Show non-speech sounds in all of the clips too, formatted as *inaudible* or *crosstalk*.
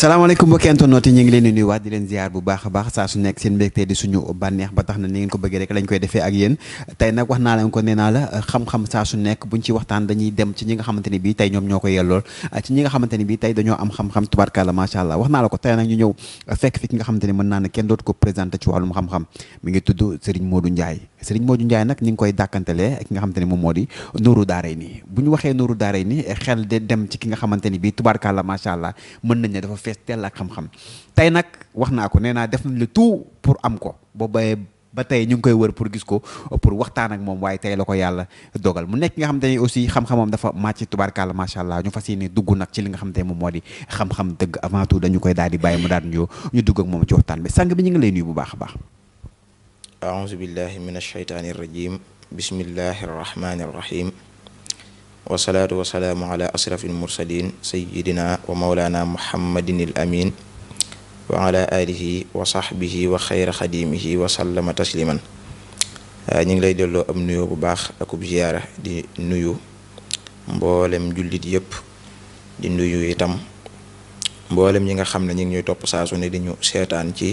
salaamaaleykum mbokki internautes yi ñu ngi leen di nuyuwaat di leen ziar bu baax a baax saa su nekk seen mbégte di suñu bànneex ba tax na ni ngeen ko bëggee rek lañ koy defee ak yen tey nag wax naa leen ko nee naa la euh, xam-xam saa su nekk buñ ci waxtaan dañuy dem ci ñi nga xamante ni bii tey ñoom ñoo ko yellool euh, ci ñi nga xamante ni bii tey dañoo am xam-xam tubaarkàlla macha allah wax naa la ko tey nag ñu ñëw euh, fekk fi ki nga xamante ni mën naa ne kenn dootu ko présenté ci wàllum xam-xam ngi tudd Serigne Modou Ndiaye moo Modou Ndiaye nag ñi ngi koy dàkkantelee ki nga xam te ni moom moo di Nourou Daaray nii bu ñu waxee Nourou Daaray nii xel de dem ci ki nga xamante ni bii tubaarkàlla macha allah mën nañ ne dafa fees tell ak xam-xam tey nag wax naa ko nee def nañ le pour am ko boo bayee ba tey ñu ngi koy wër pour gis ko pour waxtaan ak moom waaye tey la ko yàlla dogal mu nekk nga xamante ni aussi xam-xamam dafa màcc tubaarkàlla macha allah ñu fas yéene dugg nag ci li nga xamante ni moom moo di xam-xam dëgg avant tout dañu koy daal di bàyyi mu daal ñu ñu dugg ak moom ci bi sang bi ñu ngi lay nuyu bu baax a baax أعوذ بالله من الشيطان الرجيم بسم الله الرحمن الرحيم والصلاة والسلام على أشرف المرسلين سيدنا ومولانا محمد الأمين وعلى آله وصحبه وخير خديمه وسلم تسليما ñu ngi lay delloo am nuyoo bu baax akub ziyaara di nuyu mboolem jullit yëpp di nuyu itam mboolem ñi nga xam ne ñu ngi ñuy topp saa su ne di ñu seetaan ci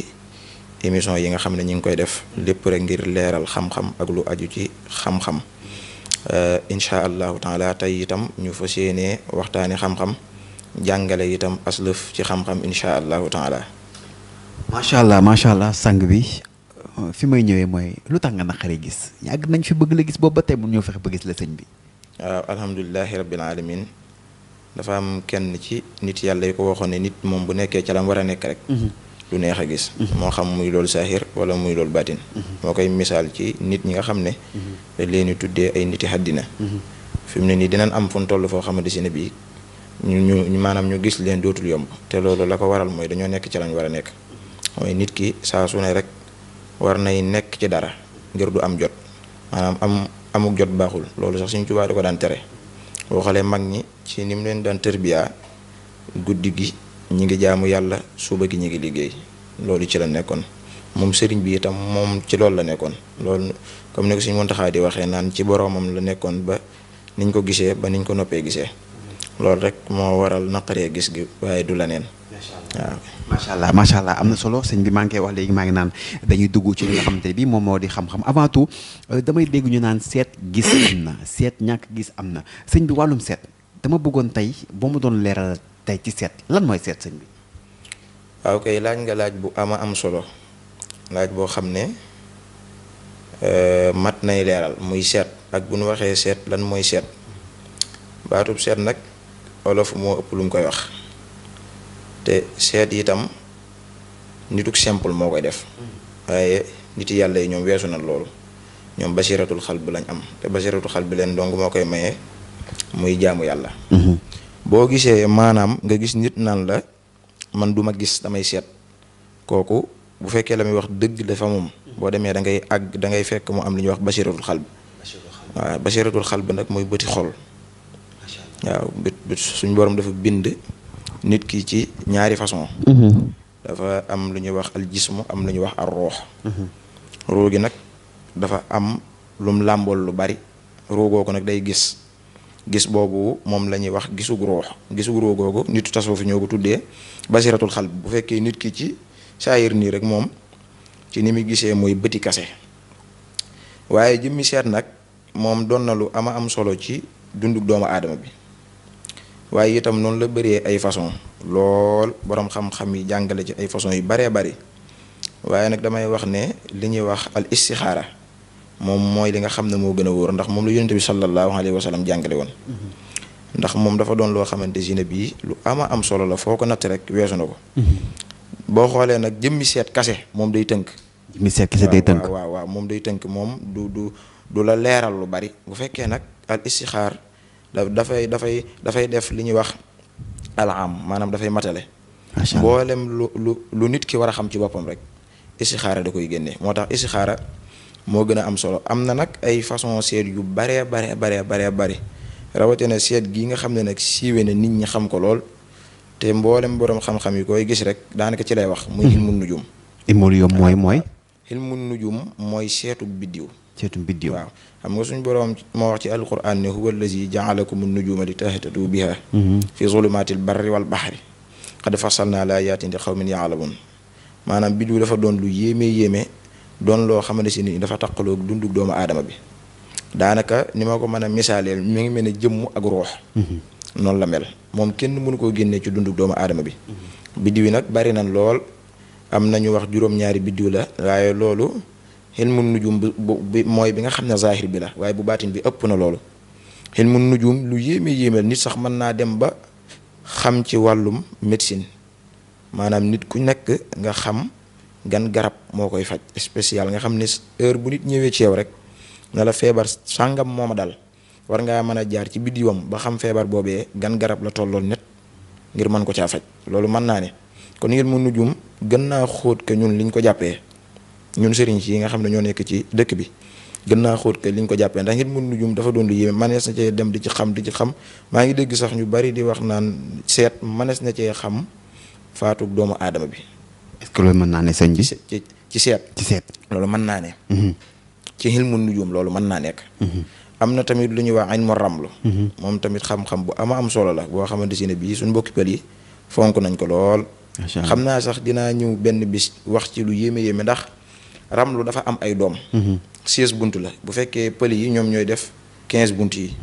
émission yi nga xam ne ñu ngi koy def lépp rek ngir leeral xam-xam ak lu aju ci xam-xam euh, incha allahu taala tey itam ñu fas yéenee waxtaani xam-xam jàngale itam aslëf ci xam-xam incha allahu taala. macha allah macha allah sang bi fi may ñëwee mooy lu tax nga naqaree gis yàgg nañ fi bëgg la gis boobu ba tey mun ñoo fexe ba gis la sëñ bi. waaw alhamdulilahi rabbil alamin dafa am kenn ci nit yàlla yu ko waxoon nit moom bu nekkee ca la mu war a nekk rek. Mhm. lu neex a gis mhm. moo xam muy loolu saaxir wala muy loolu baatin mhm. moo koy misaal ci nit ñi nga xam ne mhm. dañ leen tuddee ay niti xaddina fi mu ne nii dinañ am fu ñu toll foo xamante si ne bii ñu ñu maanaam ñu gis leen dootul yomb te loolu la ko waral mooy dañoo nekk ci lañ war a nekk mooy nit ki saa su ne rek war nay nekk ci dara ngir du am jot maanaam am amuk jot baaxul loolu sax suñ Tuubaa di ko daan tere boo xoolee mag ñi ci ni mu leen daan tërbiyaa guddi gi ñu ngi jaamu yàlla suba gi ñu ngi liggéey loolu ci la nekkoon moom sëriñ bi itam moom ci loolu la nekkoon lool comme ni ko suñu Muntaxa di waxee naan ci boroomam la nekkoon ba niñ ko gisee ba niñ ko noppee gisee loolu rek moo waral naqaree gis gi waaye du la neen waaw macha allah macha allah am na solo sëñ bi maa ngi koy wax léegi maa ngi naan dañuy dugg ci li nga xamante bii moom moo di xam-xam avant tout euh, damay dégg ñu naan seet gis am na seet ñàkk gis am na sëñ bi wàllum seet dama bëggoon tey boo mu doon leeral tey ci seet lan mooy seet sëñ bi. waaw ah, kay laaj nga laaj bu ama am solo laaj boo xam ne eh, mat nay leeral muy seet ak bu nu waxee seet lan mooy seet baatub seet nag olof moo ëpp lum koy wax te seet itam nituk simple moo koy def waaye niti yàlla yi ñoom weesu na loolu ñoom basiratul xal bi lañ am te basiratul xal bi leen dong moo koy maye muy jaamu yàlla. Mhm. boo gisee maanaam nga gis nit naan la man duma gis damay seet kooku bu fekkee la muy wax dëgg dafa moom boo demee da ngay àgg dangay fekk mu am lu ñuy wax basiratul xal bi xal bi nag mooy bëti xol waaw bët suñ borom dafa bind nit ki ci ñaari façon mm-hmm. dafa am lu ñuy wax al jismu am lu ñuy wax ar roox ruu gi nag dafa am lum làmbool lu bari ruugoo ko nag day gis gis boobu moom la ñuy wax gisug ruux gisug ruux googu nitu tasoo fi ñoo ko tuddee basiratul xalb bu fekkee nit ki ci saayir nii rek moom ci ni muy gisee mooy bëti kase waaye jëmmi seet nag moom doon na lu ama am solo ci dundug doomu aadama bi waaye itam noonu la bëree ay façon lool boroom xam-xam yi jàngale ci ay façon yu baree bari waaye nag damay wax ne li ñuy wax al istixaara moom mooy li nga xam ne moo gën a wóor ndax moom la yonente bi sallallahu alayhi wa sallam jàngale woon mm-hmm. ndax moom dafa doon loo xamante si ne bii lu ama am solo la foo ko natt rek weesu na ko mm-hmm. boo xoolee nag jëmmi seet kase moom day tënk jëmmi seet kase day tënk waaw waaw moom day tënk moom du du du la leeral lu bari bu fekkee nag al istixaar da dafay dafay dafay def li ñuy wax al maanaam dafay matale mboolem lu lu lu nit ki war a xam ci boppam rek istixaara da koy génne moo tax istixaara moo gën a am solo am na nag ay façon seet yu baree baree baree bare bëri rawatina seet gi nga xam ne nag siiwee na nit ñi xam ko lool te mboolem borom xam-xam yi koy gis rek daanaka ci lay wax. muy mhm. ilmu nujum. ilmu yom mooy mooy. ilmu nujum mooy seetu biddiw. seetu biddiw waaw xam nga suñu borom moo wax ci alquran ne huwa allazi jaalakumu nujuma li tahtadu biha mhm. fi zulumatil barri wal bahri qad fasalna laayatin li qawmin yaalamun maanaam biddiw dafa doon lu yéeme yéeme. doon loo xamante si nii dafa taqaloog dundu doomu aadama bi daanaka ni ma ko mën a misaaleel mi ngi mel ne jëmm ak ruux mhm. noonu la mel moom kenn mënu koo génnee ci dundu doomu aadama bi biddiw yi nag bari na lool am na ñu wax juróom-ñaari biddiw la waaye loolu xilmu nujum bi mooy bi nga xam ne zahir bi la waaye bu baatin bi ëpp na loolu xilmu nujum lu yéeme yéemeel nit sax mën naa dem ba xam ci wàllum médecine maanaam nit ku nekk nga xam gan garab moo koy faj spécial nga xam ne heure bu nit ñëwee ci rek ne la feebar sàngam moom ma dal war ngaa mën a jaar ci biddiwam ba xam feebar boobee gan garab la tolloon net ngir mën ko caa faj loolu mën naa ne kon ngir mu nujum gën naa xóot ke ñun liñ ko jàppee ñun sëriñ si yi nga xam ne ñoo nekk ci dëkk bi gën naa xóot ke liñ ko jàppee ndax ngir mu nujum dafa doon lu yéeme manees na cee dem di ci xam di ci xam maa ngi dégg sax ñu bari di wax naan seet manees na cee xam faatug doomu aadama bi est-ce mën naa ne sëñ bi. ci seet ci seet. loolu mën naa ne. Mm-hmm. ci xilmu nujum loolu mën naa nekk. Mm-hmm. am na tamit lu ñuy wax ilmu lu mm-hmm. moom tamit xam-xam bu ama am solo la boo xamante si ne bii suñu mbokki pël yi fonk nañ ko lool. xam naa sax dinaa ñëw benn bis wax ci lu yéeme yéeme ndax ramlu dafa am ay doom. seize bunt la bu fekkee pël yi ñoom ñooy def quinze bunt yi.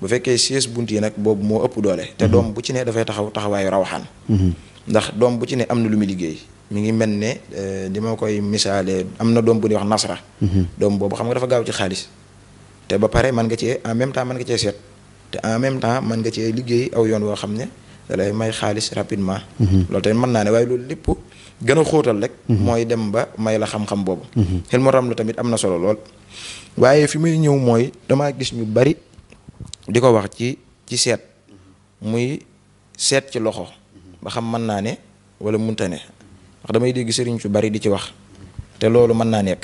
bu fekkee seize bunt yi nag boobu moo ëpp doole. te doom bu ci ne dafay taxaw taxawaayu rawaxaan. ndax doom bu ci ne am na lu muy liggéey. mi ngi mel ne eh, di ma koy misaale am na doom bu ñuy wax nasra. Mhm. doom boobu xam nga dafa gaaw ci xaalis. te ba pare man nga cee en même temps man nga cee seet te en même temps man nga cee liggéey aw yoon woo xam ne da lay may xaalis rapidement. Mhm. lool tamit mën naa ne waaye loolu lépp gën a xóotal rek. Mhm. mooy dem ba may la xam-xam boobu. xel mu ram lu tamit am na solo lool. waaye fi muy ñëw mooy damaa gis ñu bari di ko wax ci ci seet muy seet ci loxo ba xam mën naa ne wala munta ne ndax damay dégg sëriñ su bari di ci wax te loolu mën naa nekk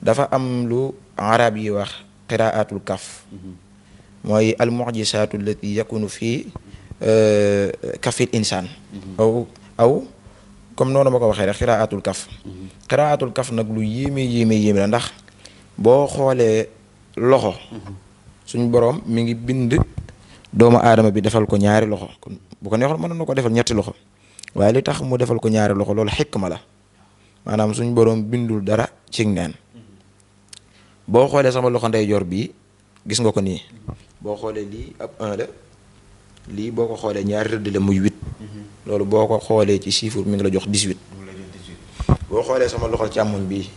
dafa am lu arab yi wax qiraatul kaf mooy al mujisaatu allati yakunu fii euh, kafil insaan aw aw comme noonu ma ko waxee rek qiraatul kaf qiraatul kaf nag lu yéeme yéeme yéeme la ndax boo xoolee loxo suñ boroom mi ngi bind doomu aadama bi defal ko ñaari loxo bu ko neexoon mënoon na ko defal ñetti loxo waaye li tax mu defal ko ñaari loxo loolu ma la maanaam suñ boroom bindul dara ci neen boo xoolee sama loxo ndeyjoor bi gis nga ko nii boo xoolee lii ab un lii boo ko xoolee ñaari rëdd la muy huit loolu boo ko xoolee ci chiffre mi ngi la jox dix-huit boo xoolee sama loxo càmmoñ bii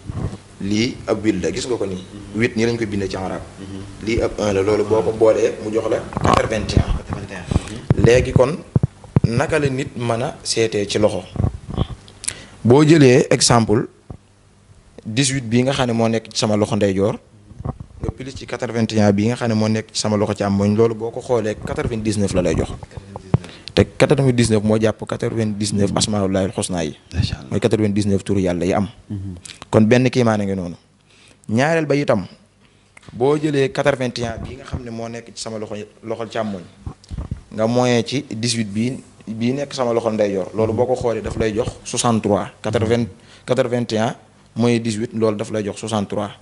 lii ab huit la gis nga ko nii huit nii lañ ko bind ci lii ab un la loolu boo ko boolee mu jox la quatre vingt léegi kon naka la nit mën a seetee ci loxo boo jëlee exemple 18 bi nga xam ne moo nekk ci sama loxo ndeyjoor nga plus ci 81 bi nga xam ne moo nekk ci sama loxo càmmoñ loolu boo ko xoolee 99 la lay jox te 99 moo jàpp 99 asmaaullahil xusnaa yi mooy 99 turu yàlla yi am mhm. kon benn kiimaane ngi noonu ñaareel ba itam boo jëlee 81 bii nga xam ne moo nekk ci sama loxo loxol càmmoñ nga moyen ci 18 bii bii nekk sama loxo ndeyjoor loolu boo ko xoolee daf lay jox 63 80 81 mooy 18 loolu daf lay jox 63.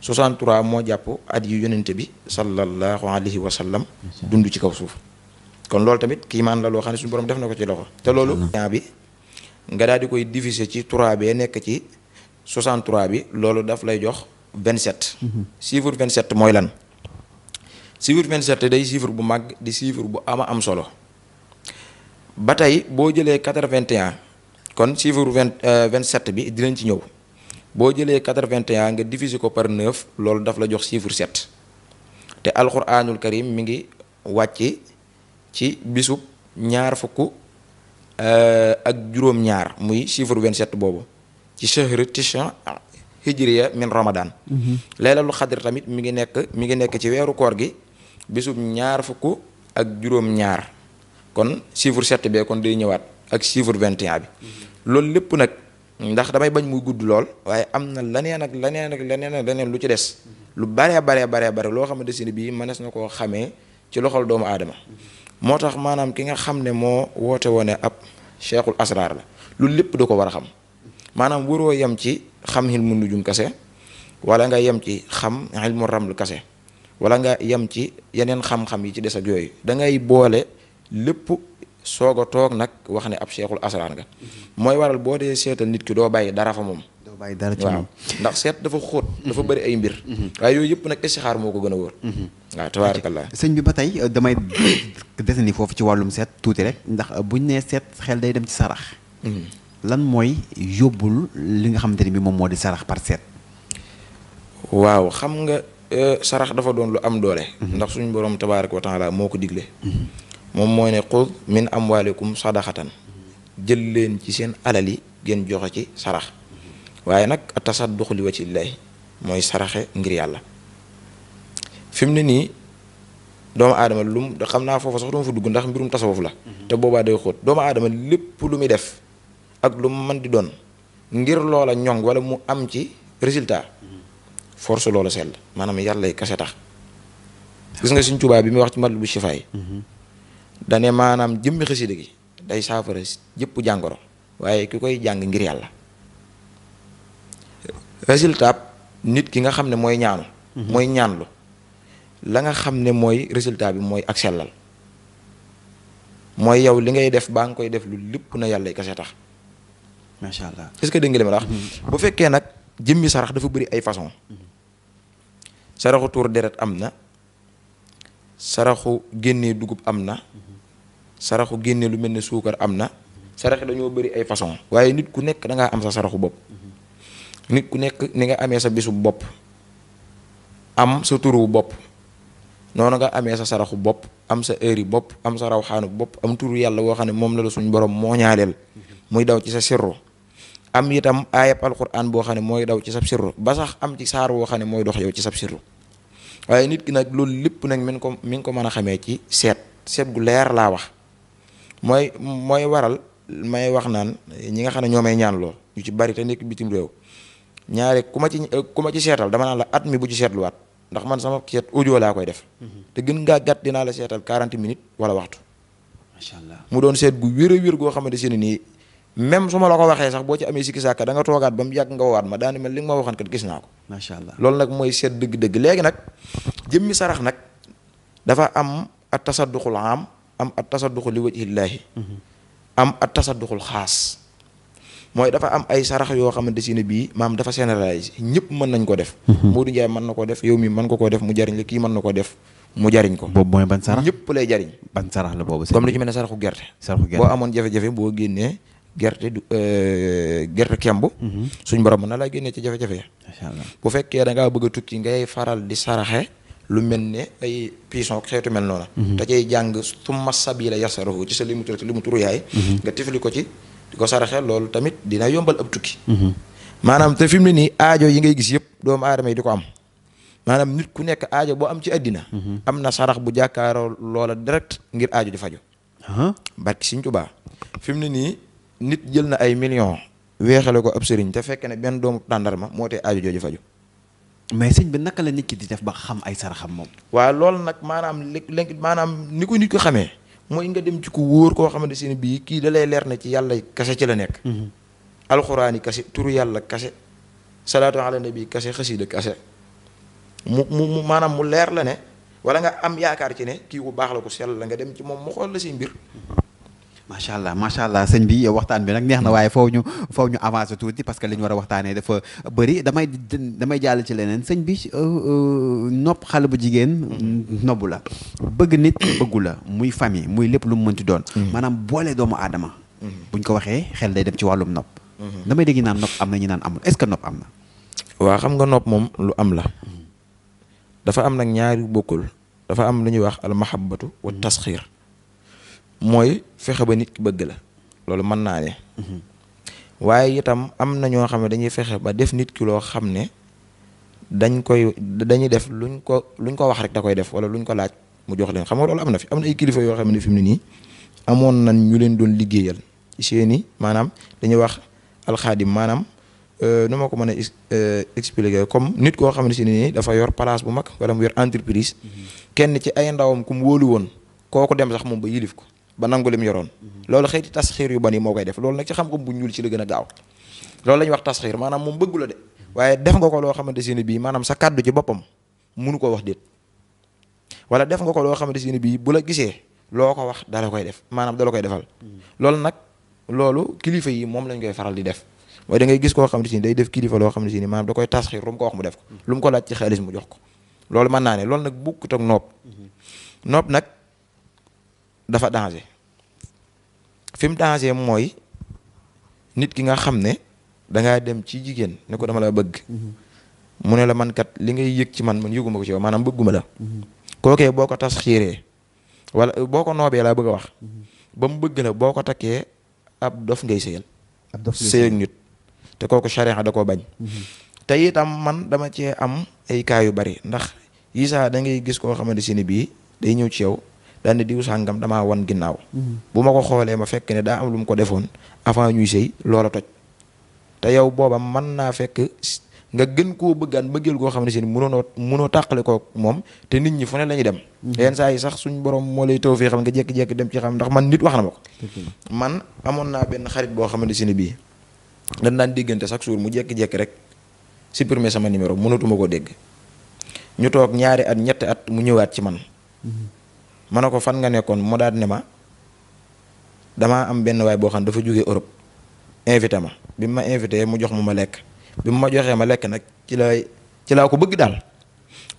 63 moo jàpp at yu yonente bi sallallahu alayhi wa sallam. dund ci kaw suuf. kon loolu tamit kiimaan la loo xam ne suñu borom def na ko ci loxo. te loolu. bi nga daal di koy diviser ci 3 bee nekk ci 63 bi loolu daf lay jox 27. vingt 27 mooy lan. chiffre 27 day chiffre bu mag di chiffre bu ama am solo. ba tey boo jëlee quatre-vingt-un kon chiffre vingt euh, vingt-sept bi dinañ ci ñëw boo jëlee quatre-vingt-un nga diviser ko par neuf loolu daf la jox chiffre sept te alxuraanul karim mi ngi wàcc ci bisub ñaar fukk euh, ak juróom-ñaar muy chiffre vingt-sept boobu ci chahri tishan hijriya min ramadan mhm. laylatul xadr tamit mi ngi nekk mi ngi nekk ci weeru koor gi bisub ñaar fukk ak juróom-ñaar kon chiffre 7 bee kon day ñëwaat ak chiffre 21 bi loolu lépp nag ndax damay bañ muy gudd lool waaye am na leneen ak leneen ak leneen ak leneen lu ci des lu baree baree baree bare loo xamante ne bii mënees na koo xamee ci loxol doomu aadama moo tax maanaam ki nga xam ne moo woote woone ab cheikhul asrar la loolu lépp da ko war a xam maanaam waroo yem ci xam ilmu nujum kase wala nga yem ci xam ilmu raml kase wala nga yem ci yeneen xam-xam yi ci des ak lépp soog a toog nag wax ne ab seexul asaraan nga mooy waral boo dee seetal nit ki doo bàyyi dara fa moom. doo bàyyi dara ci moom ndax seet dafa xóot. dafa bari ay mbir. Mhm. waaye yooyu yëpp nag istixaar moo ko gën a wóor. Mhm. waaw tabaarakallah sëñ bi ba tey euh, damay dese foofu ci wàllum seet tuuti rek ndax euh, buñ nee seet xel day dem ci sarax. Mhm. lan mooy yóbbul li nga xamante ni bi moom moo di sarax par seet. xam nga euh, sarax dafa doon lu am doole. ndax suñu borom tabaaraka wa taala moo ko digle. moom mooy ne xud min amwalikum sadaxatan jël leen ci seen alal yi ngeen joxe ci sarax waaye nag tasadduq ci lay mooy saraxe ngir yàlla fi mu ne nii doomu adama lum xam naa foofu sax duma fa dugg ndax mbirum tasawuf la mhm. te boobaa day xóot doomu aadama lépp lu muy def ak lu mu mën di doon ngir loola ñoŋ wala mu am ci résultat mhm. force loolu sell maanaam yàlla lay kase tax gis nga suñ Tuubaa bi muy wax ci mat bu shifaay dane maanaam jëmmi xasida gi day saafara jëpp jàngoro waaye ki koy jàng ngir yàlla résultat nit ki nga xam ne mooy ñaanu mhm. mooy ñaanlu la nga xam ne mooy résultat bi mooy ak sellal mooy yow li ngay def baa nga koy def lu lépp na yàlla kase tax macha allah est-ce que dégg nga li ma la mhm. bu fekkee nag jëmmi sarax dafa bëri ay façon mhm. saraxu tuur deret am na saraxu génnee dugub am na saraxu génne lu mel ne suukar am na saraxe dañoo bari ay façon waaye nit ku nekk da am sa saraxu bopp nit ku nekk ni nga amee sa bisu bopp am sa turu bopp noonu nga amee sa saraxu bopp am sa heure bopp am sa rawxaanu bopp am turu yàlla woo xam ne moom la la suñ borom moo ñaaleel muy daw ci sa sirru am itam aayab alquran boo xam ne mooy daw ci sa sirru ba sax am ci saar woo xam ne mooy dox yow ci sa sirru waaye nit ki nag loolu lépp nag mi ngi ko mi ngi ko mën a xamee ci seet seet gu leer laa wax mooy mooy waral may wax naan ñi nga xam ne ñoo may ñaan lool ñu ci bari te nekk bitim réew ñaare ku ma ci ku ma ci seetal dama naan la at mi bu ci seetluwaat ndax man sama seet audio laa koy def. Mhm. te gën ngaa gàtt dinaa la seetal quarante minutes wala waxtu. macha allah mu doon seet gu wér a wér goo xamante ne nii même su ma la ko waxee sax boo ci amee sikki sàkka da nga toogaat ba mu yàgg nga woowaat ma daani mel li nga ma waxoon kat gis naa ko. macha allah loolu nag mooy seet dëgg-dëgg léegi nag jëmmi sarax nag dafa am at tasadduqul am am a tasadduqu li wajhillaahi am xaas mooy dafa am ay sarax yoo xamante si ne bii maam dafa généralise ñëpp man nañ ko def mhm. du Ndiaye man na ko def yow mi man ko ko def mu jariñ la kii mën na ko def mu jariñ ko boobu mooy ban sarax ñëpp lay jariñ ban sarax la boobu comme li ci mel ne saraxu gerte boo amoon jafe-jafe boo génnee gerte du euh, gerte kemb mhm. suñ borom mën na laa génnee ci jafe-jafe ya bu fekkee da ngaa bëgg a tukki ngay faral di saraxe lu mel ne ay piisons xeetu mel noonu. te mhm. cay jàng summa sabila yasarahu ci sa li mu tur li mu turu yaay. Mhm. nga tifli ko ci di ko saraxe loolu tamit dina yombal ab tukki. Mhm. maanaam te fi mu ne nii aajo yi ngay gis yëpp doomu aadama yi di ko am maanaam nit ku nekk aajo boo am ci àddina. am na sarax bu jàkkaaroo loola direct ngir aajo di fajo barki Sëriñ Tuubaa fi mu ne nii nit jël na ay millions weexale ko ab sëriñ te fekk ne benn doomu tàndarma moo tee aajo jooju faju mais sëñ bi naka la nit di def ba xam ay saraxam moom. waaw loolu nag maanaam léeg maanaam ni ko nit ko xamee mooy nga dem ci ko wóor koo xamante ne bii kii da lay leer na ci yàlla kase ci la nekk. Mhm. alxuraani kase turu yàlla kase salaatu ala nabi kase xasida kase mu mu maanaam mu leer la ne wala nga am yaakaar ci ne kii ku baax la ko sell la nga dem ci moom mu xool la say mbir. Mhm. macha allah macha allah sëñ bi waxtaan bi nag neex na waaye foofu ñu foofu ñu avancé tuuti parce que li war a waxtaanee dafa bëri damay damay jàll ci leneen sëñ bi euh, euh, nopp xale bu jigéen nobbu la bëgg nit bëggu muy famille muy lépp lu mu mënti doon mm-hmm. maanaam doomu aadama mm-hmm. buñ ko waxee xel day dem ci wàllum nopp mm-hmm. damay dégg naan nopp am na ñu naan amul est nopp am na waaw xam nga nopp moom lu am la am nag ñaari bokkul dafa am lu ñuy wax al mahabbatu wa tasxiir mooy fexe ba nit ki bëgg la loolu mën naa ne mhm. waaye itam am na ñoo xam ne dañuy fexe ba def nit ki loo xam ne dañ koy dañuy def luñ ko luñ ko wax rek da koy def wala luñ ko laaj mu jox leen xam nga loolu am na fi am na kilifa yoo xam ne fi mu ne nii amoon nañ ñu leen doon liggéeyal seeni maanaam dañuy wax alxaadim maanaam euh, nu ma ko mën a euh, expliquer comme nit koo xam ne si nii dafa yor place bu mag wala mu yor entreprise mhm. kenn ci ay ndawam ku mu wóolu woon kooku dem sax moom ba yilif ko ba nangu lim yoroon loolu xeeti tasxiir yu ba yi moo koy def loolu nag ci xam-xam bu ñuul ci la gën a gaaw loolu la wax tasxiir maanaam moom bëggu la de waaye def nga ko loo xamante si ne bii maanaam sa kàddu ci boppam munu ko wax déet wala def nga ko loo xamante si ne bii bu la gisee loo ko wax dala koy def maanaam dala koy defal loolu nag loolu kilifa yi moom lañ koy faral di def mooy da gis koo xamante si day def kilifa loo xamante si ni maanaam da koy tasxiir lu ko wax mu def ko lu mu ko laaj ci xaalis mu jox ko loolu mën naa ne loolu nag bukkut ak noob mm-hmm. noob nag dafa danger fi mu danger mooy nit ki nga xam ne da dem ci jigéen ne ko dama la bëgg. Mm-hmm. mu ne la man kat li ngay yëg ci man man yëguma ko ci yow maanaam bëgguma la. Mm-hmm. kookee boo ko tas xiiree wala boo ko noobee laa bëgg a wax. Mm-hmm. ba mu bëgg la boo ko takkee ab dof ngay sëyal. ab dof ngay sëyal nit te kooku charia da koo bañ. te itam man dama cee am ay cas yu bari ndax yi saa da ngay gis koo xamante ne bii day ñëw ci yow. daan ne diw sàngam damaa wan ginnaaw. Mm-hmm. bu ma ko xoolee ma fekk ne daa am lu mu ko defoon avant ñuy sëy loola toj. te yow boobam mën naa fekk nga gën koo bëggaan bëggeel koo xam ne si mënoo mënoo tàqale ko moom te nit ñi fu ne la ñuy dem. Mm-hmm. yenn saa yi sax suñ borom moo lay taw fii xam nga jékki-jékki dem ci xam ndax man nit wax na ma ko. man amoon naa benn xarit boo xamante ne bii dañ daan diggante chaque jour mu jékki-jékki rek supprimer sama numéro mënatuma ko dégg ñu toog ñaari at ñetti at mu ñëwaat ci man. Mm-hmm. ma ne ko fan nga nekkoon mu daal ne ma dama am benn waay boo xam ne dafa jóge Europe invité ma bi ma invité mu jox mu ma lekk bi mu ma joxee ma lekk nag ci la ci laa ko bëgg daal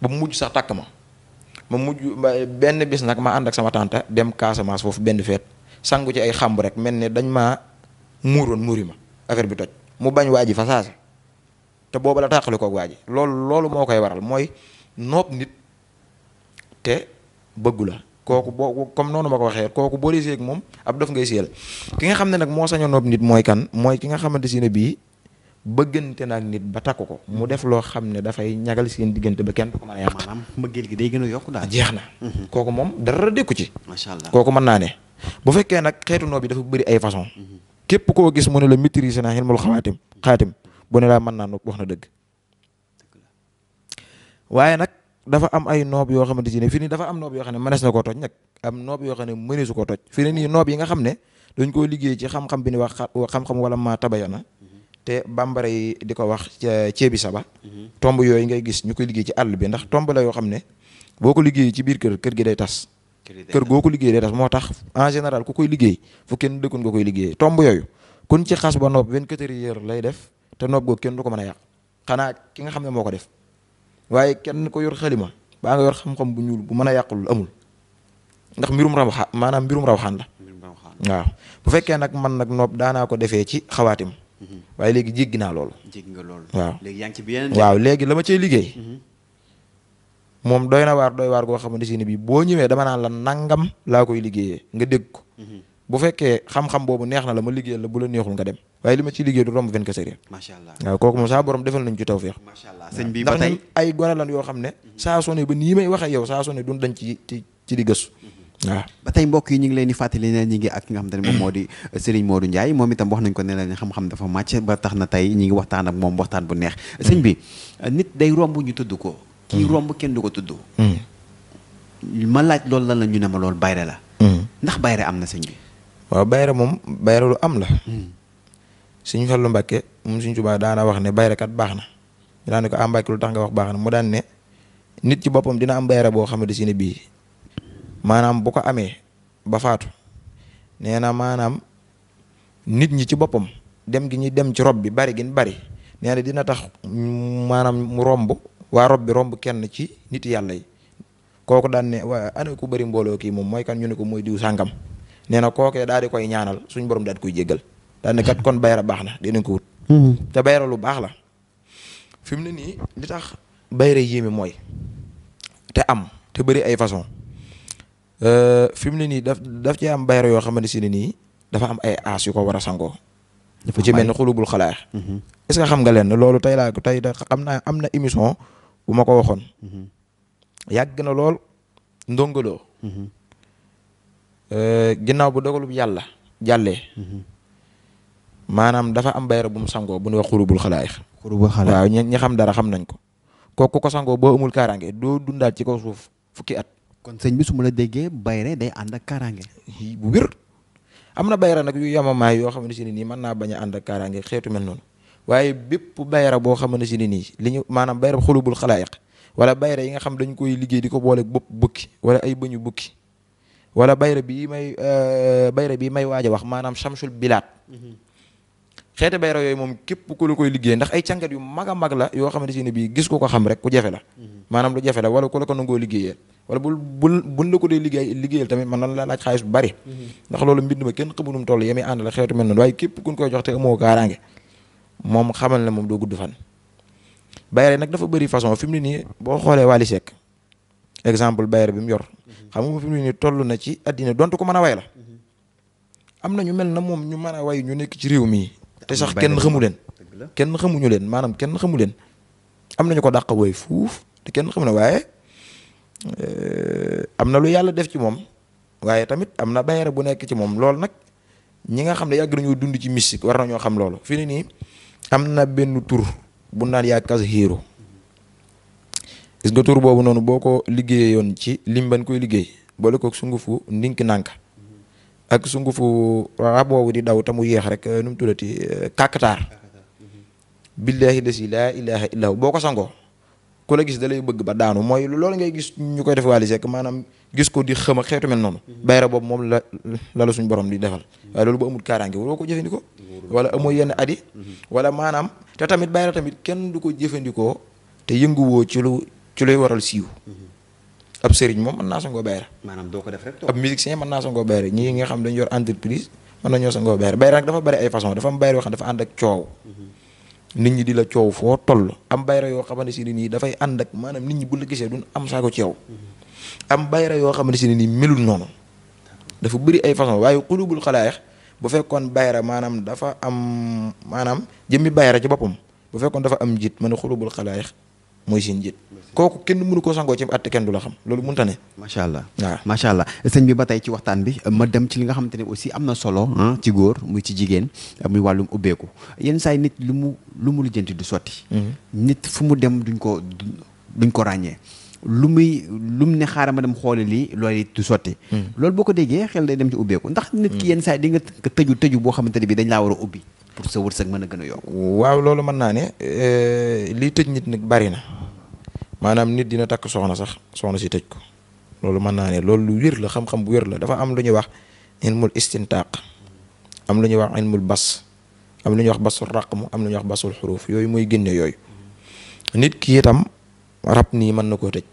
ba mu mujj sax takk ma ma mujj benn bis nag ma ànd ak sama tante dem Casamance foofu benn feet sangu ci ay xàmb rek mel ni dañ maa muuroon muuri ma affaire bi toj mu bañ waa ji fa saase te booba la tàqali koog loolu loolu moo koy waral mooy noob nit te bëggu la kooku boo comme noonu ma ko waxee kooku boo moom ab dof ngay séel ki nga xam ne nag moo sañoon nopp mooy kan mooy ki xamante si ne bii bëggante naag nit ba takku ko mu def loo xam ne dafay ñagal seen diggante ba kenn du ko a yàq maanaam mbëggeel gi day gën a yokk daal jeex na mhm. kooku moom dara dékku ci macha allah kooku mën naa ne bu fekkee nag xeetu noob bi dafa bari ay façon mhm. képp koo gis mu ne la maîtriser naa xilmul xaatim xaatim bu ne laa mën naa nopp wax na dëgg waaye nag dafa am ay noob yoo xamante ne fii nii dafa am noob yoo xam ne mënees na koo toj nag am noob yoo xam ne mëneesu fii nii noob yi nga ne dañ koo liggéey ci xam bi ni wax xam-xam wala ma tabayana te bambara di ko wax ca ceebi saba tomb yooyu ngay gis ñu koy liggéey ci àll bi ndax tomb la yoo xam ne boo ko liggéey ci biir kër kër gi day tas kër goo ko liggéey day moo tax en général ku koy liggéey fu kenn dëkkun nga koy liggéey tomb yooyu kun ci xas ba noob vingt-quatre lay def te noob googu kenn du ko mën a yàq xanaa ki nga xam ne moo ko def waaye kenn ko yor xalima baa nga yor xam-xam bu ñuul bu mën a yàqul amul ndax mbirum raw xa maanaam mbirum raw xaan la waaw bu fekkee nag man nag noob daanaa ko defee ci xawaatim mhm. waaye léegi jéggi naa loolu jéggi nga loolu waaw léegi yaa ngi waaw léegi la ma cee liggéey mhm. moom doy na waar doy waar goo xamante si bii boo ñëwee dama naan la nangam laa koy liggéeyee nga dégg ko mhm. bu fekkee xam-xam boobu neex na la ma liggéeyal la bu la neexul nga dem waaye li ma ciy liggéey du romb 24 heures yi. macha allah kooku moom saa borom defal nañ ci tawféex. macha allah sëñ bi ba tey ndax ay gone yoo xam ne. saa may waxee yow saa soo ne mhm. ba tey mbokk yi ñu ngi leen di fàttali ne ñu ngi ak xam te ne moom moo di Serigne Modou Ndiaye moom itam wax ko ne leen xam-xam dafa màcc ba tax na tey ñu ngi waxtaan ak moom waxtaan bu neex sëñ bi nit day romb ñu tudd ko kii mhm. romb kenn du ko tudd mhm. ma laaj loolu lan la ñu ne ma loolu bayre la ndax bayre am na sëñ bi waaw bayre moom bayre lu am la suñu Fallu Mbàkke moom suñ Tuubaa daana wax ne bayrekat baax na daan ko ah Mbàkke tax nga wax baax na mu daan ne nit ci boppam dina am bayre boo xamante si ne bii maanaam bu ko amee ba faatu nee na maanaam nit ñi ci boppam dem gi ñuy dem ci rob bi bari gin bari nee dina tax maanaam mu romb waa rob bi romb kenn ci nit yàlla yi kooku daan ne waa ana ku bëri mbooloo kii moom mooy kan ñu ne ko mooy diw sàngam nee na kookee daa di koy ñaanal suñ borom daal di koy jéggal daal kat kon bayra baax na dinañ ko wut. Mhm. te bayra lu baax la. fi mu ne nii li tax bayra yéeme mooy te am te bëri ay façon euh, fi mu ne nii daf daf ci am bayra yoo xamante si ne nii dafa am ay aas yu ko war a sangoo. dafa ci mel ni xulubul xalaax. Mhm. est-ce xam nga leen loolu tey laa ko tey da xam naa am na émission bu ma ko waxoon. Mhm. yàgg na lool ndongoloo. Euh, ginnaaw bu dogalub yàlla jàllee. maanaam dafa am bayra bu mu sangoo bu ñu wax xurubul xalaayix xurubul xalaayix waaw ñi xam dara xam nañ ko kooku ko sangoo boo amul kaaraange doo dundaat ci kaw suuf fukki at kon sëñ bi su ma la déggee bayre day ànd ak kaaraange bu wér am na bayra nag yu yamamaay yoo xam ne nii mën naa bañ a ànd ak kaaraange xeetu mel noonu waaye bépp bayra boo xam ne si ne nii li ñu maanaam bayra xulubul xalaayiq wala bayra yi nga xam dañ koy liggéey di ko boole bopp bukki wala ay bëñu bukki wala bayra bii may euh, bayra bii may waaj a wax maanaam chamsul bilaat mhm. xeeti bayra yooyu moom képp ku la koy liggéey ndax ay càngat yu mag a mag la yoo xamante ne bii gis ko ko xam rek ku jafe la mhm. maanaam lu jafe la wala ku la ko nangoo liggéeyal wala bu bul buñ la ko dee liggéey liggéeyal tamit man nan la laaj xaalis bu bari mhm. ndax loolu mbind ma kenn xamunum toll yemi ànd la xeetu mel noonu waaye képp kuñ koy jox te amoo kaaraange moom xamal ne moom doo gudd fan bayra nag dafa bëri façon fi mu ne nii boo xoolee Wally Seck exemple bayra bi mu yor mhm. xam fi mu ne toll na ci addina donte ko mën a way la am mel na moom ñu mën a way ñu nekk ci réew mi te sax kenn xamu leen kenn xamuñu leen maanaam kenn xamu leen am nañu ko dàq woy fuuf te kenn xamu ne waaye eh, am na lu yàlla def ci moom waaye tamit am na bayre bu nekk ci moom loolu nag ñi nga xam ne yàgg nañoo dund ci mystique war ñoo xam loolu fi ni nii am na benn tur bu naan yaa kas héero gis nga tur boobu noonu boo ko liggéeyee yoon ci limban koy liggéey boole koog sungufu ndink nànk ak sungufu rab woowu di daw te mu yéex rek eh, nu mu tuddati eh, kàkataar billaahi lasi laa ilaaha illa hu boo ko sangoo ku la gis da lay bëgg ba daanu mooy loolu ngay gis ñu koy def waali sekk maanaam gis ko di xëm ak xeetu mel noonu bayra boobu moom la la la suñu borom di defal waaye loolu bu amul kaaraange waroo ko jëfandikoo wala amoo yenn adi wala maanaam te tamit bayra tamit kenn du ko jëfandikoo te yënguwoo ci lu ci luy waral siiw ab sëriñ moom mën naa sangoo bayra. maanaam doo ko def rek ab musicien mën naa sangoo bayra ñii nga xam dañu yor entreprise mën nañoo sangoo bayra bayra nag dafa bari ay façon dafa am bayra yoo xam dafa ànd mhm. nit ñi di la coow foo toll am bayra yoo xamante si ne nii dafay ànd ak maanaam nit ñi bu la gisee duñ am saako ci yow mhm. am bayra yoo xamante si ne nii melul noonu dafa bëri ay façon waaye xulubul xalaayax bu fekkoon bayra maanaam dafa am maanaam jëmmi bayra ci boppam bu fekkoon dafa am njiit ma na xulubul xalaayax mooy seen njiit kooku kenn mënu ko sangoo ci àtte kenn du la xam loolu mënta ne macha allah waaw macha allah sëñ bi ba tey ci waxtaan bi ma dem ci li nga xamante ne aussi am na solo ah, ci góor muy ci jigéen muy wàllum ubbeeku yenn saa yi nit lu mu lu mu lijjanti du sotti mhm. nit fu mu dem duñ ko duñ ko ràññee lu muy lu mu ne xaaral ma dem xoole lii loolu it du sotti mhm. lool boo ko déggee xel day dem ci ubbeeku ndax nit ki mhm. yenn saa yi di nga tëju tëju boo xamante ne bi dañ laa war a ubbi pour sa mën a gën a yokk waaw loolu mën naa ne eh, liy tëj nit nag bari na maanaam nit dina takk soxna sax soxna si tëj ko loolu mën naa ne loolu lu wér la xam-xam bu wér la dafa am lu ñuy wax ilmul istintaaq am lu ñu wax mul bas am lu ñuy wax basul mu am lu ñuy wax basul xuruuf yooyu muy génne yooyu nit ki itam rab nii mën na koo tëj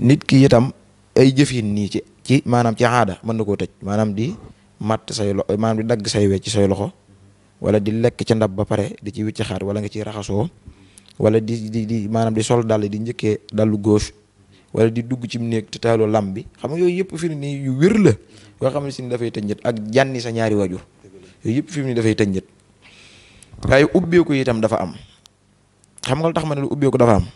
nit ki itam ay jëfin nii ci ci maanaam ci aada mën na koo tëj maanaam di matt say loxo maanaam di dagg say we ci say loxo wala di lekk ca ndab ba pare di ci wiccaxaat wala nga ciy raxasoo wala di di di maanaam di sol dàll di njëkkee dàllu gauche wala di dugg ci mu néeg te taaloo lam bi xam nga yooyu yëpp fi nii yu wér la yoo xam ne si ni dafay tënjët ak jànni sa ñaari wajur yooyu yëpp fi mu ne waaye ubbeeku itam dafa am xam nga lu tax ma ne lu ubbeeku dafa am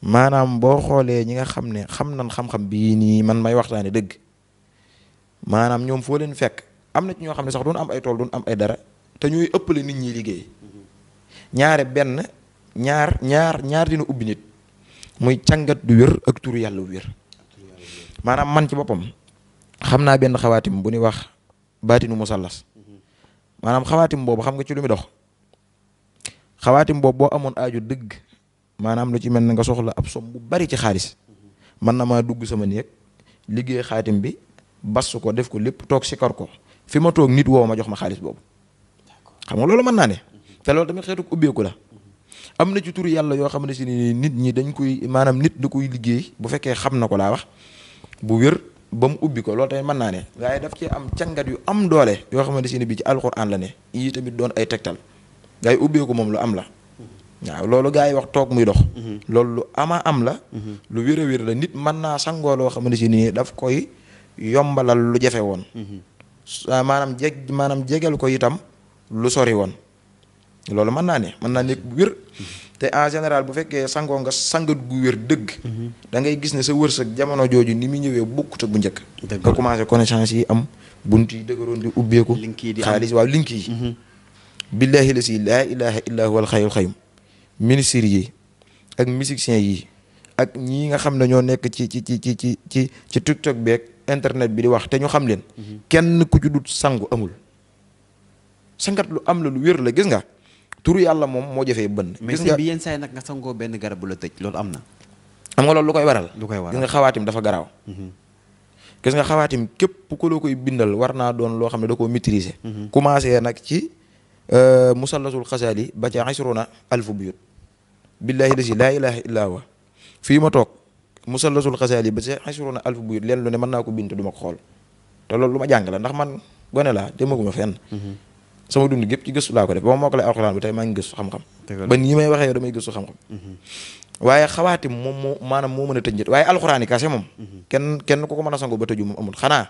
maanaam boo xoolee ñi nga xam ne xam nan xam-xam bii nii man may waxtaane dëgg maanaam ñoom foo leen fekk am na ci ñoo xam ne sax doon am ay tool doon am ay dara te ñooy ëppale nit ñi liggéey ñaare benn ñaar ñaar ñaar dina ubbi nit muy càngat du wér ak turu yàlla bu wér maanaam man ci boppam xam naa benn xawaatim bu ñuy wax baatinu musallas maanaam xawaatim boobu xam nga ci lu muy dox xawaatim boobu boo amoon aaju dëgg maanaam lu ci mel ne nga soxla ab som bu bari ci xaalis man na maa dugg sama néeg liggéey xaatim bi bas ko def ko lépp toog sikar ko fi ma toog nit woo ma jox ma xaalis boobu xam nga loolu mën naa ne te loolu tamit xeetu ubbeeku la am na ci turu yàlla yoo xam ne si ni nit ñi dañ koy maanaam nit da koy liggéey bu fekkee xam na ko laa wax bu wér ba mu ubbi ko loolu tamit mën naa ne waaye daf cee am cangat yu am doole yoo xamante si ne bii ci alxuraan la ne yii tamit doon ay tegtal ngay ubbeeku moom lu am la waaw loolu gars yi wax toog muy dox mm-hmm. loolu lu ama am la mm-hmm. lu wér wér la nit mën naa sangoo loo xamante si nii daf koy yombalal lu jafe woon mm-hmm. maanaam jeg maanaam jegal ko itam lu sori woon loolu mën naa ne mën naa nekk bu wér te en général bu fekkee sangoo nga sangat gu wér dëgg da ngay gis ne sa wërsëg jamono jooju ni mu ñëwee bokkut bu njëkk nga commencé connaissance yi am bunt yi dëgëroon di ubbeeku xaalis waaw link yi mhm. billaahi la si laa ilaha illa huwa alxayul xayum ministre yi ak musicien yi ak ñi nga xam ne ñoo nekk ci ci ci ci ci ci ci tiktok beeg internet bi di wax te ñu xam leen mhm. kenn ku ci dut sangu amul sangat lu am la lu wér la gis nga turu yàlla moom moo jafee bënn gis nga bi yenn saa nag nga sangoo benn garabu la tëj loolu am na am nga lool lu koy waral lu koy waral gis nga xawaatim dafa garaaw mhm. gis nga xawaatim képp ku la koy bindal war naa doon loo xam ne da koo maîtriser mhm. commencé nag ci euh, musallasul xasaali ba ca asruna alfu buyut billahi lasi laa ilaha illa wa fii ma toog musallasul xasaali ba ca asruna alfu buyut leen lu ne mën naa ko bind du ma xool te loolu lu ma jàng la ndax man gone laa demaguma fenn mhm. sama dund gépp ci gëstu laa ko def ba ma mokkale alxuraan bi tey maa ngi gëstu xam-xam ba nii may waxee yow damay gëstu xam-xam mhm. waaye xawaati moom moo maanaam moo mën a tëj waaye alxuraan yi kase moom mhm. kenn kenn ku ko mën a sango ba tëju moom amul xanaa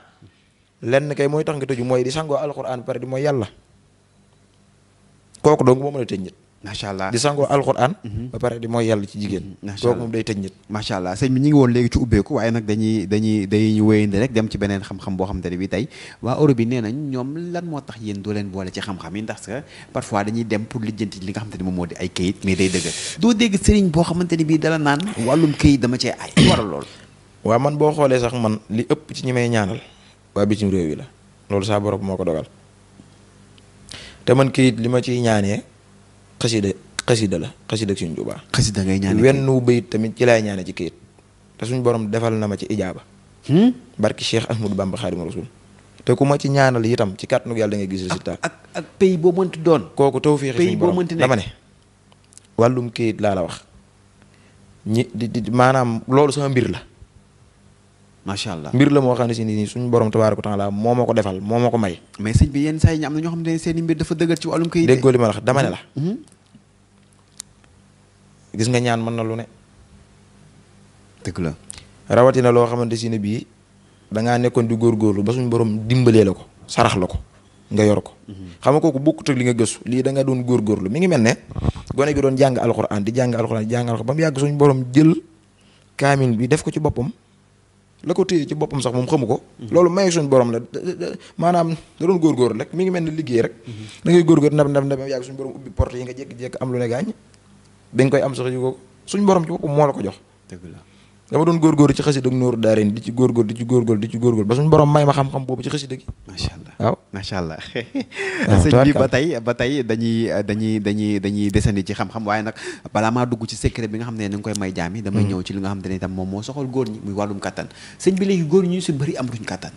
lenn kay mooy tax nga tëju mooy di sangoo alxuraan pare di mooy yàlla kooku dong moo mën a tëj macha allah di sangoo alxuraan mhm. ba pare di mooy yàlla ci jigéen mhm. kooku moom day tëj nit macha allah sëñ bi ñu ngi woon léegi ci ubbeeku waaye nag dañuy dañuy rek dem ci beneen xam-xam boo xamante ne bi tey waa Europe bi nee nañ ñoom lan moo tax yéen doo leen boole ci xam-xam yi ndax parfois dañuy dem pour lijjanti li nga xamante ne moom moo di ay kayit mais day dëgg doo dégg sëriñ boo xamante ne bii dala naan wàllum kayit dama cee ay a lool waaw man boo xoolee sax man li ëpp ci ñi may ñaanal waa bitim réew yi la loolu saa borom moo ko dogal man kayit li ma ciy ñaanee xasida xasida la xasida suñ Tuubaa xasida ngay ñaan wenn wu bayit tamit ci laay ñaane ci kayit te suñ borom defal na ma ci ijaaba hmm? barki Cheikh Ahmadou Bamba Xaadimu Rasuul te ku ma ci ñaanal itam ci kàttanu yàlla da ngay gis résultat ak ak pays boo mënti doon kooku taw fii pays boo mënti nekk dama ne wàllum kayit laa la wax ñi di maanaam loolu sama mbir la macha allah mbir la moo xam ne si nii suñu borom tabaaraka taala moo ma ko defal moo ma ko may. mais sëñ bi yenn saa yi ñu am i mbir dafa dëgër ci wàllum kayit. déggoo li ma la dama ne la. Mm-hmm. gis nga ñaan mën na lu ne. dëgg la rawatina loo xamante si ne bii da ngaa nekkoon di góorgóorlu ba suñu borom dimbalee la ko sarax la ko nga yor ko. Mm-hmm. xam nga kooku bokkut ak li nga gëstu lii da nga doon góorgóorlu mi ngi mel ne. gone gi doon jàng alxuraan di jàng alxuraan di jàng alxuraan ba mu yàgg suñu borom jël kaamil bi def ko ci boppam la ko téye ci boppam sax moom xamu ko. loolu mayu suñ borom la maanaam da doon góorgóorlu rek mi ngi mel ni liggéey rek. da ngay góorgóorlu ndam ndam ndam yàgg suñu borom ubbi porte yi nga jékki-jékki am lu ne gaañ. bi koy am sax yu ko suñu borom ci boppam moo la ko jox. dëgg la dama doon góorgóorlu ci xasida ak Nooru Daarayni di ci góorgóor di ci góorgóor di ci góorgóor ba suñu borom may ma xam-xam boobu ci xasida gi macha allah allah *laughs* sëñ bi ba tey ba tey dañuy dañuy dañuy dañuy desandi ci xam-xam waaye nag balaa maa dugg ci secret bi nga xam ne ni nga koy may jaam yi damay mm. ñëw ci li nga xam ne itam moom moo soxal góor ñi muy wàllum kattan sëñ bi léegi góor ñi ñu si bëri amatuñ kattan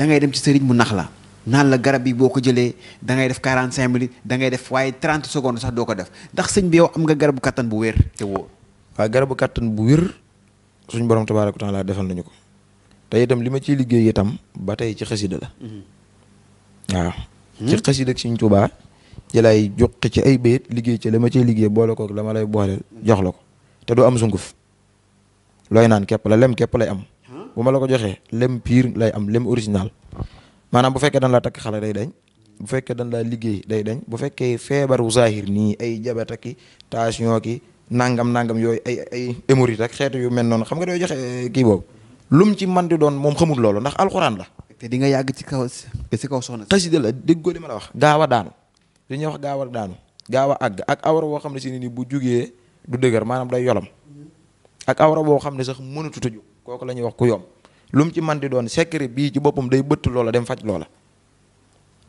da ngay dem ci sëriñ mu nax la naan la garab yi boo ko jëlee da ngay def 45 minutes def waaye 30 secondes sax doo ko def ndax sëñ bi yow am nga garabu kattan bu wér te garabu kattan bu wér suñ borom tabaaraka taala defal nañu ko te itam li ma ciy liggéey itam ba tey ci xasida la mhm. waaw hmm? ci xasida ak Sëñ Tuubaa ci lay joxe ci ay bayit liggéey ci la ma ciy liggéey boole kook lama lay booleel jox la ko te du am sunguf looy naan képp la lem képp lay am hmm? bu ma la ko joxee lem piir lay am lem original maanaam bu fekkee dan laa takk xale day dañ bu fekkee dan laa liggéey day dañ bu fekkee feebaru zahir nii ay jabataki tension ki nangam nangam yooyu ay ay émorite rek xeetu yu mel noonu xam nga day joxe eh, kii boobu lum ci man di doon moom xamul loolu ndax alxuraan la. te di nga yàgg ci kaw ci kaw soxna. xasida la déggoo li ma a wax gaaw a daanu li wax gaaw a daanu gaaw a àgg ak awra boo xam ne si ni bu jugee du dëgër maanaam day yolam ak awra boo xam ne sax mënatu tëju kooku la ñuy wax ku yom lum ci man di doon secret bii ci boppam day bëtt loola dem faj loola.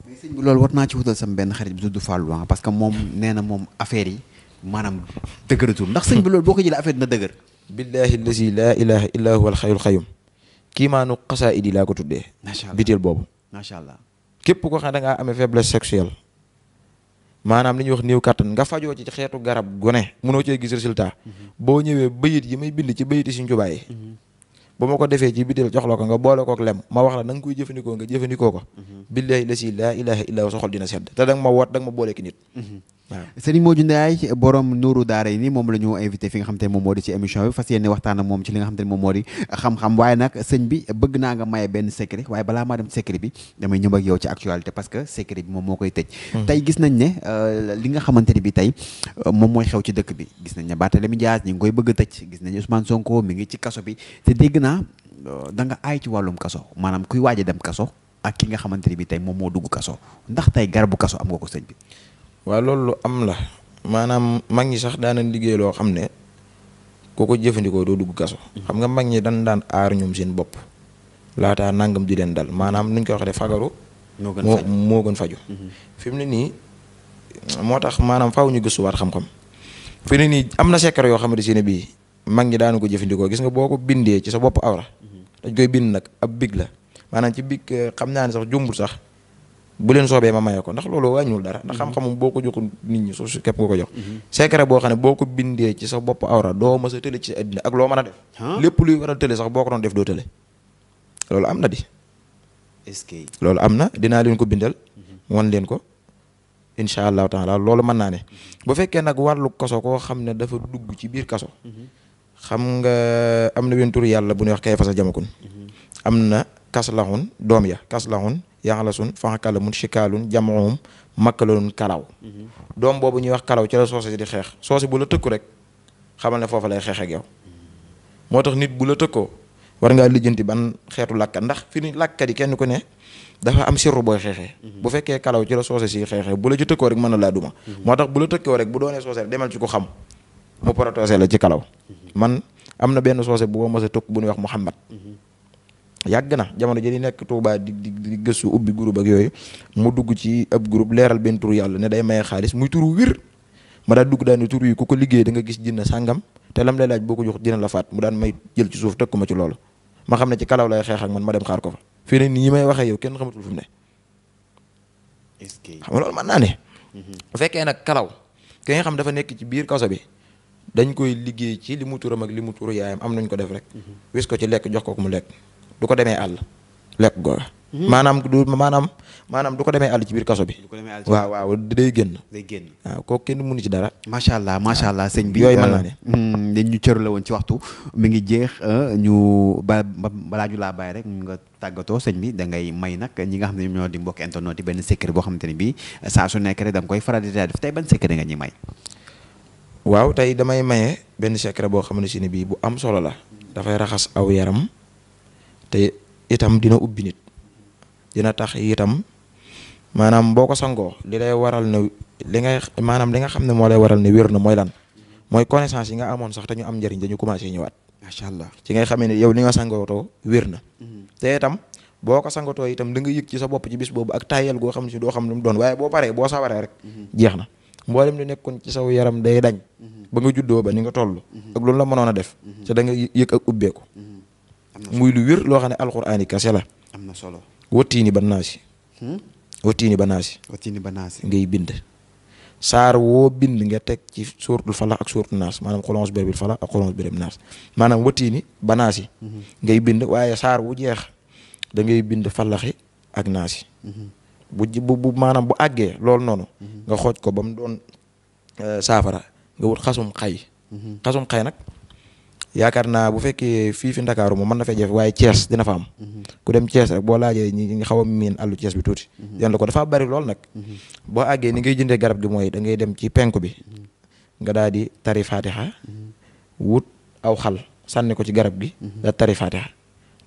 mais loolu war naa ci wutal sam benn xarit bi tudd Fallou ah, parce que moom nee na moom affaire yi. maanaam dëgëratul ndax sëñ bi loolu boo ko jëlee affaire na dëgër billahi lazi laa ilaha illaa huwa alxayul xayum kiimaanu xasaayid yi laa ko tuddee biteel boobu macha allah képp ko xam ne da ngaa amee faiblesse sexuelle maanaam li ñuy wax néew kàttan nga fajoo ci xeetu garab gone mënoo cee gis résultat mm-hmm. boo ñëwee bayit yi may bind ci bayiti suñ cubaa yi mm-hmm. ba ma ko defee ci biteel jox la ko nga boole kook lem ma wax la na nga koy jëfandikoo nga jëfandikoo ko mm-hmm. billahi lazi laa xol dina sedd te da nga ma ma boole ki nit waaw Serigne Modou Ndiaye borom Nourou Daara yi nii moom la ñu invité fi nga xam te ne moom moo di ci émission bi fas yéene waxtaan ak moom ci li nga nag sëñ bi bëgg naa nga maye benn secret waaye balaa maa dem secret bi damay ñëw que secret bi moo koy tëj. Hmm. tey gis nañ ne euh, li nga xamante ni bi tey euh, moom mooy xew ci dëkk bi gis nañ ne Barthélémy Dias ñu ngi koy bëgg a tëj gis nañ Ousmane Sonko mi ngi ci kaso bi te dégg naa euh, da nga aay ci wàllum kaso maanaam kuy waaj dem kaso ak ki nga xamante ni bi tey moom moo dugg kaso ndax tey garabu kaso am nga ko sëñ bi waaw loolu lu am la maanaam mag ñi sax daana liggéey loo xam ne koo ko jëfandikoo doo dugg kaso xam nga mag ñi dan daan aar ñoom seen bopp laataa nangam di leen dal maanaam nuñ koy wax de fagaru moo moo gën faju mm-hmm. fi mu ne nii moo tax maanaam faaw ñu gëstuwaat xam-xam fi ne nii am na secret yoo xamante ne bii mag ñi daanu ko jëfandikoo gis nga boo ko bindee ci sa bopp awra mm-hmm. dañ koy bind nag ab big la maanaam ci big xam naa ne sax jumbul sax bu leen soobee ma maye ko ndax loolu wàññiwul dara ndax mhm. xam-xamum boo ko joxul nit ñi soo su képp nga ko jox mhm. secret boo xam ne boo ko bindee ci sa bopp awra doo mës a tële ci sa addina ak loo mën a def ah. lépp luy war a tële sax boo ko doon def loolu am na di est loolu am na dinaa leen ko bindal mhm. wan leen ko incha allahu taala loolu mën naa ne bu fekkee nag wàllu kaso koo xam ne dafa dugg ci biir kaso xam nga am na wenn yàlla bu ñuy wax kay fasa jamakun am na kas laxun doom ya kas laxun la yaxlasun faxakalamun chikaalun jamuhum makkalun kalaw doom boobu ñuy wax kalaw ci la soose di xeex soose bu la tëkku rek xamal ne foofa lay xeex yow moo tax nit bu la tëkkoo war ngaa lijjanti ban xeetu làkkat ndax fi ni làkkat yi kenn ku ne dafa am sirru booy xeexee bu fekkee kalaw ci la soose si xeexee bu la ci tëkkoo rek mën na laa duma moo tax bu la tëkkoo rek bu doonee soose rek demal ci ko xam mu protosé la ci kalaw man am na benn soose bu ma mës a tëkk bu ñuy wax Muhammad yàgg na jamono ji di nekk Touba di di gëstu ubbi groupe ak yooyu mu dugg ci ab groupe leeral benn tur yàlla ne day maye xaalis muy turu wir ma daal dugg daal ne tur yi ku ko liggéey da nga gis jinne sàngam te lam lay laaj boo ko jox dina la faat mu daan may jël ci suuf tëkku ma ci loolu ma xam ne ci kalaw lay xeex ak man ma dem xaar ko fa fii ne nii may waxee yow kenn xamatul fu mu ne. xam nga loolu mën naa ne. Mhm. fekkee nag kalaw ki xam dafa nekk ci biir kaso bi dañ koy liggéey ci li mu turam ak li mu turu yaayam am nañ ko def rek. Mhm. wis ko ci lekk jox ko ko mu lekk du ko demee àll lekk googa mhm. maanaam du maanaam maanaam du ko demee àll ci biir kaso bi. du ko demee àll ci waaw day génn. day génn waaw kooku kenn mënu ci dara. macha allah macha allah sëñ bi yooyu euh, mën naa ne. Hmm, ñu cër la woon ci waxtu mi ngi jeex euh, ñu ba balaa ñu laa bàyyi rek nga tàggatoo sëñ bi da ngay may nag ñi nga xam ne ñoo di mbokk internet yi benn secret boo xamante ne bii saa su nekk rek da nga koy faral di def tey ban sekkere nga ñuy may. waaw tey damay maye benn secret boo xam ne si ne bii bu am solo la. dafay raxas aw yaram. te itam dina ubbi nit dina tax itam maanaam boo ko sangoo li lay waral ne li ngay maanaam li nga xam ne moo lay waral ne wér na mooy lan mooy connaissance yi nga amoon sax te ñu am njëriñ dañu commencé ñëwaat. macha allah ci ngay xamee yow li nga sangootoo wér na. Mm-hmm. te itam boo ko sangatoo itam da nga yëg ci sa bopp ci bis boobu ak tayal goo xam ne si doo xam lu mu doon waaye boo paree boo sawaree rek. Mm-hmm. jeex na mboolem li nekkoon ci saw yaram day dañ. Mm-hmm. ba nga juddoo ba ni nga toll. ak loolu la mënoon a def. te da nga yëg ak ubbeeku. muy lu wér loo xam ne alquraani kase la. am na solo wattiini ba hmm? naasi. wattiini ba naasi. ngay bind. saar woo bind nga teg ci sóortul falax ak sóortul naas maanaam xolons bérébil falax ak xolons bérébil naas maanaam wattiini ba naasi. Hmm. ngay bind waaye saar wu jeex da ngay bind falaxi ak naasi. Hmm. bu ji bu bu maanaam bu àggee loolu noonu. nga xooj ko ba doon euh, saafara nga wut xasum xay. xasum xay nag. yaakaar naa bu fekkee fii fi Ndakaaru moom mën na fee jafe waaye Thiès dina fa am ku dem Thiès rek boo laajee ñi xaw a miin àllu Thiès bi tuuti yan mhm. la ko dafa bari lool nag mhm. boo àggee ni ngay jëndee garab gi mooy da dem ci penku bi mhm. nga daal di tari fatiha wut aw xal sànni ko ci garab gi tari fatiha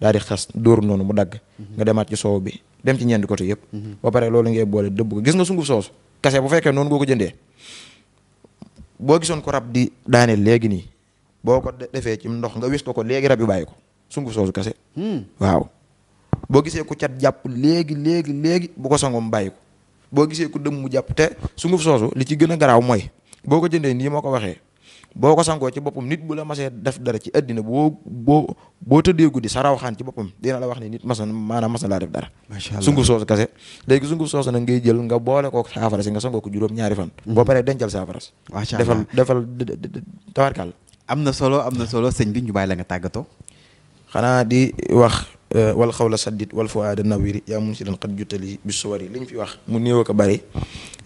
daal di xas dóor noonu mu dagg nga demaat ci soow bi dem ci ñeenti côté yëpp ba pare loolu ngay boole dëbb ko gis nga sunguf soosu kase bu fekkee noonu nga ko jëndee boo gisoon ko rab di daaneel léegi nii boo ko defee ci ndox nga wis ko ko léegi rab yi bàyyi ko sunguf soosu kase hmm. waaw boo gisee ku cat jàpp léegi léegi léegi bu ko sangom bàyyi ko boo gisee ku dëm mu jàpp te sunguf soosu li ci gën a garaaw mooy boo ko jëndee nii ma ko waxee boo ko sangoo ci boppam nit bu la masee def dara ci àddina boo boo boo tëddee guddi sa raw xaan ci boppam dina la wax ne nit mas na maanaam mas na laa def dara sunguf soosu kase léegi sunguf soosu nag ngay jël nga boole ko saafara si nga sangoo ko juróom ñaari fan hmm. boo paree dencal saafara si defal defal tawarkal am na solo am na solo sëñ bi ñu bàyyi la nga tàggatoo. xanaa di wax euh, wal xawla saddit wal fuaada nawiri yaa mun si dan xat juttali bi suwari liñ fi wax mu néew ak a bari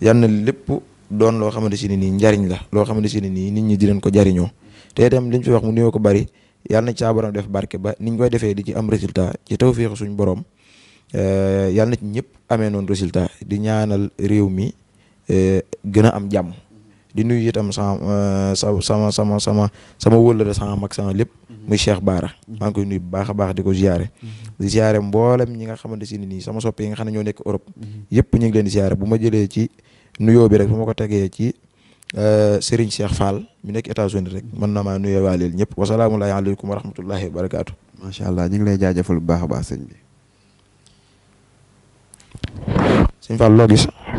yal na lépp doon loo xamante si ne nii njariñ la loo xamante si ne nii nit ñi dinañ ko jariñoo te itam liñ fi wax mu néew ko bari yàlla caa borom def barke ba niñ koy defee di ci am résultat ci tawféexu suñu borom euh, yàlla na ci ñëpp amee noonu résultat di ñaanal réew mi euh, gën a am jàmm di nuyu itam sama euh, sama sama sama sama wëllëre sama mag sama lépp mhm. muy Cheikh Baara mhm. maa koy nuy bu baax a baax di ko ziare mhm. di mboolem ñi nga xamante si ne nii sama soppe yi nga xam ne ñoo nekk Europe yëpp ñu ngi leen di bu ma jëlee ci nuyoo bi rek bu ma ko tegee ci euh, Serigne Cheikh Fall mi nekk États-Unis rek mën na maa nuyoo waaleel ñëpp wasalaamu aleykum wa rahmatullahi wa barakaatu macha allah ñu ngi lay jaajëfal bu baax a baax sëñ bi sëñ Fall